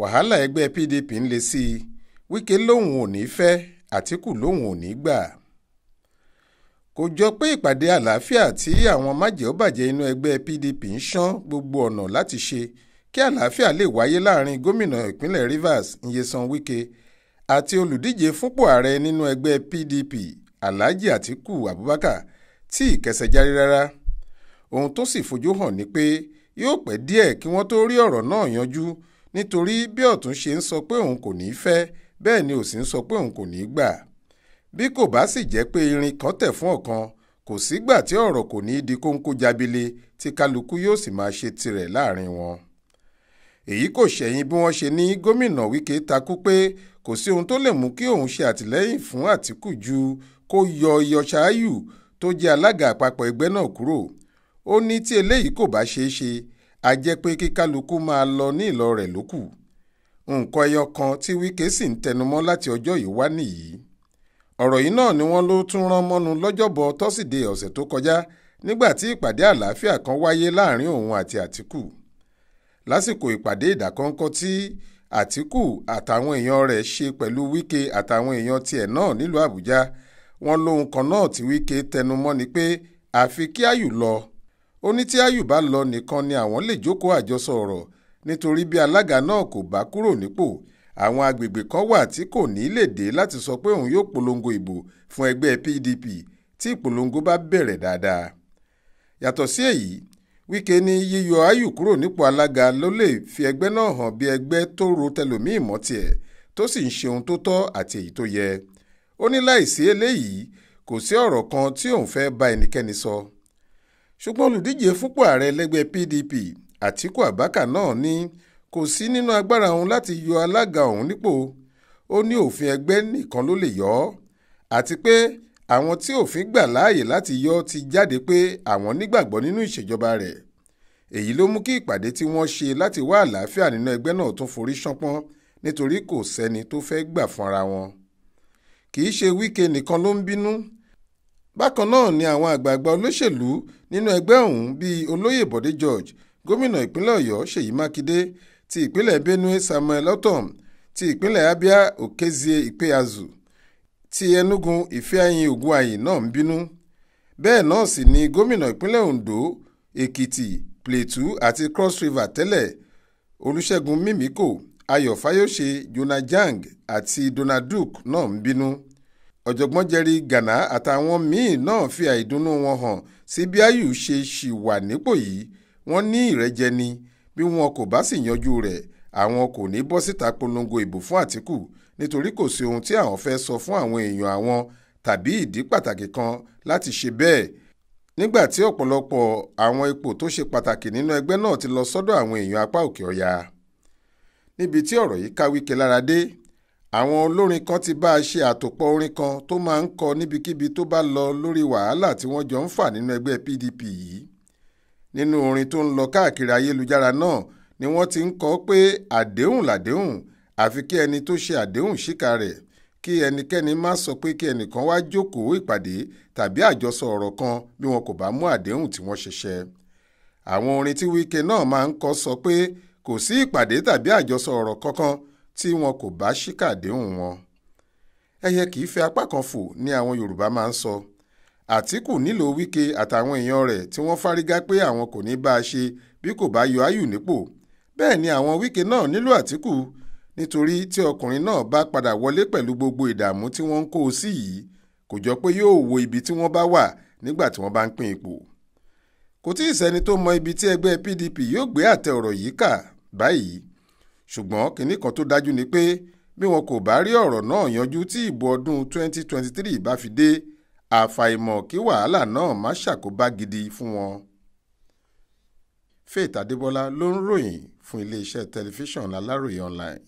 wàhálà ẹgbẹ́ pdp ń le sí i wíkẹ́ lòun ò ní fẹ́ àtìkù lòun ò ní gbà kò jọ pé ìpàdé àlàáfíà tí àwọn májèlbàjẹ́ inú ẹgbẹ́ pdp ń ṣán gbogbo ọ̀nà láti ṣe kí àlàáfíà lè wáyé láàrin gómìnà ìpínlẹ̀ rivers nyesan wike àti olùdíje fúnpò ààrẹ nínú ẹgbẹ́ pdp alhaji atiku abubakar tí ìkẹsẹ̀járí rárá ohun tó sì fojú hàn ni pé yóò pẹ́ díẹ̀ kí wọ́n tó rí ọ̀rọ̀ náà yanjú nítorí bí ọ̀tún ṣe ń sọ pé òun kò ní í fẹ́ bẹ́ẹ̀ ni òsì ń sọ pé òun kò ní í gbà bí kò bá sì jẹ́ pé irin kan tẹ̀ fún ọ̀kan kò sígbà tí ọ̀rọ̀ kò ní í di kóńkó jábílé tí kálukú yóò sì máa ṣe tirẹ̀ láàrin wọn. èyí kò ṣẹ̀yìn bí wọ́n ṣe ní gómìnà Wike takú pé kò sí ohun tó lè mú kí òun ṣe àtìlẹ́yìn fún Àtíkù ju kó yọ Iyorchaiu tó jẹ́ alága àpapọ̀ ẹgbẹ́ náà kúrò ó ní tí eléyìí kò bá ṣeé ṣe a jẹ́ pé kíkálukú máa lọ ní ìlọ rẹ̀ ló kù nǹkan ẹyọ kan tí Wike sì ń tẹnumọ́ láti ọjọ́ yìí wá nìyí ọ̀rọ̀ yìí náà ni wọ́n ló tún rán mọ́nu lọ́jọ́bọ̀ tọ́sídẹ̀ẹ́ ọ̀sẹ̀ tó kọjá nígbà tí ìpàdé àlàáfíà kan wáyé láàrin òun àti Àtíkù lásìkò ìpàdé ìdàkọ́ńkọ́ tí Àtíkù àtàwọn èèyàn rẹ̀ ṣe pẹ̀lú Wike àtàwọn èèyàn tiẹ̀ náà nílùú Àbújá wọ́n lóhun kan náà tí Wike tẹnumọ́ ni pé àfi kí Ayù lọ ó ní tí ayù bá lọ nìkan ni àwọn lè jókòó àjọsọ ọ̀rọ̀ nítorí bí alága náà kò bá kúrò nípò àwọn agbègbè kan wà tí kò ní lè dé láti sọ pé òun yóò polongo ìbò fún ẹgbẹ́ PDP tí ìpolongo bá bẹ̀rẹ̀ dáadáa yàtọ̀ sí èyí Wike ní yíyọ ayù kúrò nípò alága ló lè fi ẹgbẹ́ náà hàn bí ẹgbẹ́ tó ro tẹlòmíì mọ́ tiẹ̀ tó sì ń ṣe ohun tó tọ́ àti èyí tó yẹ ó ní láìsí eléyìí kò sí ọ̀rọ̀ kan tí òun fẹ́ bá ẹnikẹ́ni sọ. So ṣùgbọ́n olùdíje fúnpò ààrẹ lẹ́gbẹ́ PDP Àtíkù Abubakar náà ní kò sí nínú agbára òun láti yọ alága òun nípò ó ní òfin ẹgbẹ́ nìkan ló lè yọ ọ́ àti pé àwọn tí òfin gbà láàyè láti yọ ti jáde pé àwọn nígbàgbọ́ nínú ìṣèjọba rẹ̀ èyí ló mú kí ìpàdé tí wọ́n ṣe láti wá àlàáfíà nínú ẹgbẹ́ náà tún forí ṣánpọ́n nítorí kò sẹ́ni tó fẹ́ gbà fúnra wọn kì í ṣe Wike nìkan ló ń bínú bákan náà ni àwọn àgbààgbà olóṣèlú nínú ẹgbẹ́ ọ̀hún bíi olóyè bọ̀dé george gómìnà ìpínlẹ̀ ọ̀yọ́ ṣèyí mákindé ti ìpínlẹ̀ benue samuel otom ti ìpínlẹ̀ abia okezie ipeazu ti enugu ifeanyi ogunwàyí náà ń bínú bẹ́ẹ̀ náà sì ni gómìnà ìpínlẹ̀ ondo èkìtì plateau àti cross river tẹ́lẹ̀ olùṣègùn mímíkò ayọ̀ fáyọsé jonah jang àti donald duke náà ń bínú ọ̀jọ̀gbọ́n jerry gana àtàwọn míín náà fi àìdùnnú wọn hàn sí bí ayù ṣe ṣì wà nípò yìí wọ́n ní ìrẹ́jẹ ni bí wọn kò bá sì yanjú rẹ̀ àwọn kò ní bọ́ síta polongo ìbò fún àtìkù nítorí kò sí ohun tí àwọn fẹ́ sọ fún àwọn èèyàn àwọn tàbí ìdí pàtàkì kan láti ṣe bẹ́ẹ̀ nígbà tí ọ̀pọ̀lọpọ̀ àwọn ipò tó ṣe pàtàkì nínú ẹgbẹ́ náà ti lọ sọ́dọ̀ àwọn èèyàn apá òkè ọ̀yà níbi tí ọ̀rọ̀ yìí ká Wike lára dé àwọn olórin kan ti bá a ṣe àtòpọ̀ orin kan tó máa ń kọ níbikíbi tó bá lọ lórí wàhálà tí wọ́n jọ ń fà nínú ẹgbẹ́ PDP yìí nínú orin tó ń lọ káàkiri ayélujára náà ni wọ́n ti ń kọ pé àdéhùn làdéhùn àfi kí ẹni tó ṣe àdéhùn síkà rẹ̀ kí ẹnikẹ́ni má sọ pé kí ẹnìkan wá jókòó ìpàdé tàbí àjọsọ ọ̀rọ̀ kan bí wọn kò bá mú àdéhùn tí wọ́n ṣe àwọn orin tí Wike náà máa ń kọ sọ pé kò sí ìpàdé tàbí àjọsọ ọ̀rọ̀ kankan tí wọn kò bá ṣíkàdéhùn wọn. ẹyẹ kì í fẹ́ apá kan fò ni àwọn yorùbá máa ń sọ àtìkù nílò wíkẹ àtàwọn èèyàn rẹ̀ tí wọ́n fárígá pé àwọn kò ní bá a ṣe bí kò bá yọ ayù nípò bẹ́ẹ̀ ni àwọn wíkẹ náà nílò àtìkù nítorí tí ọkùnrin náà bá padà wọlé pẹ̀lú gbogbo ìdààmú tí wọ́n ń kó o sí yìí kò jọ pé yóò wo ibi tí wọ́n bá wà nígbà tí wọ́n bá ń pín ipò kò tí ì sẹ́ni tó mọ ibi tí ẹgbẹ́ PDP yóò gbé àtẹ ọ̀rọ̀ yìí kà báyìí ṣùgbọ́n kinní kan tó dájú ni pé bí wọn kò bá rí ọ̀rọ̀ náà yanjú tí ìbò ọdún 2023 bá fi dé àfàìmọ̀ kí wàhálà náà má ṣàkóbá gidi fún wọn. Faith Adébọlá ló ń ròyìn fún iléeṣẹ́ tẹlifíṣàn Aláròye online.